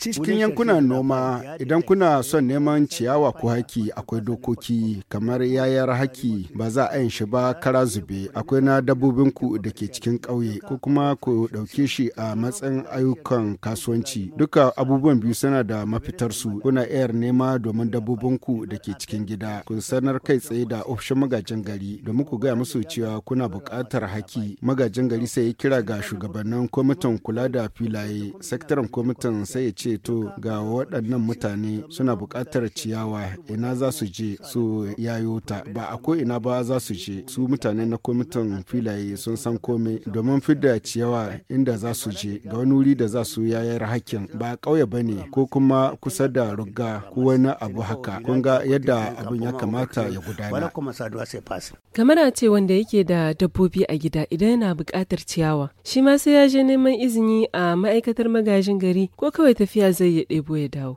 Cikin yankunan noma idan kuna son neman ciyawa ko haki akwai dokoki kamar yayar haki ba za a yin shi ba kara zube akwai na dabbobinku da ke cikin ƙauye ko kuma ku ɗauke shi a matsayin ayyukan kasuwanci duka abubuwan biyu suna da mafitar su kuna yar nema domin ku da ke cikin gida ku sanar kai tsaye da ofishin magajin gari domin ku gaya musu cewa kuna buƙatar haki magajin gari sai ya kira ga shugabannin kwamitin kula da filaye sektaran kwamitin sai ya ce to ga waɗannan mutane suna buƙatar ciyawa ina za su je su yayo ta ba a ko ina ba za su je su mutane na kwamitin filaye sun san komai domin fidda ciyawa inda za su je ga wani wuri da za su yayar hakkin ba ƙauye ba ne ko kuma kusa da rugga ko wani abu haka kun ga yadda abin ya kamata ya gudana. kamar a ce wanda yake da dabbobi a gida idan yana buƙatar ciyawa shi ma sai ya je neman izini a ma'aikatar magajin gari ko kawai tafiya zai ya ɗebo ya dawo.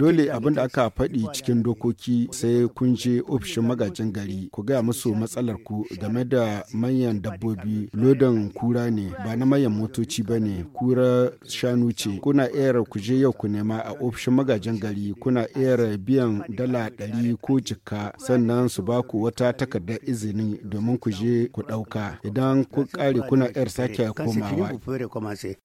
Dole abin da aka faɗi cikin dokoki sai kun je ofishin magajin gari ku gaya musu matsalar ku game da manyan dabbobi lodan kura ne ba na manyan motoci ba ne kura shanu ce kuna iya ku je yau ku nema a ofishin magajin gari kuna iya biyan dala ɗari ko jikka sannan su ba ku wata takardar izini domin ku je ku ɗauka idan ku ƙare kuna iya sake komawa.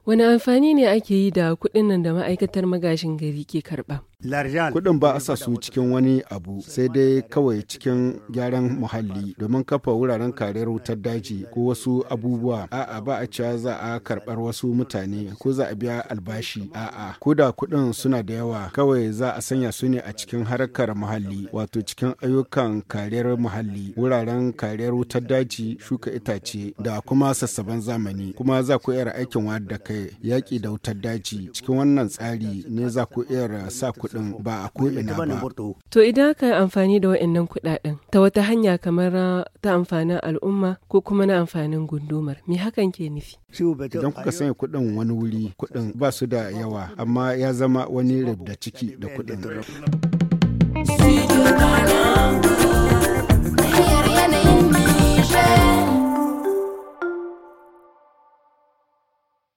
Wani amfani ne ake yi da kuɗin nan da ma'aikatar magashin gari ke karɓa? Kuɗin ba a sa su cikin wani abu sai dai kawai cikin gyaran muhalli domin kafa wuraren kariyar wutar daji ko wasu abubuwa. A'a ba a cewa za a karɓar wasu mutane ko za a biya albashi. A'a ko da kuɗin suna da yawa kawai za a sanya su ne a cikin harkar muhalli wato cikin ayyukan kariyar muhalli wuraren kariyar wutar daji shuka itace da kuma sassaban zamani kuma za ku iya aikin wadda kai yaki da wutar daji cikin wannan tsari ne za ku iya sa kuɗi din ba a ko'ina ba. To idan aka yi amfani da waɗannan kuɗaɗen ta wata hanya kamar ta amfanin al'umma ko kuma na amfanin gundumar me hakan ke nufi? Idan kuka sanya kuɗin wani wuri kuɗin ba su da yawa amma ya zama wani rubda ciki da kuɗin.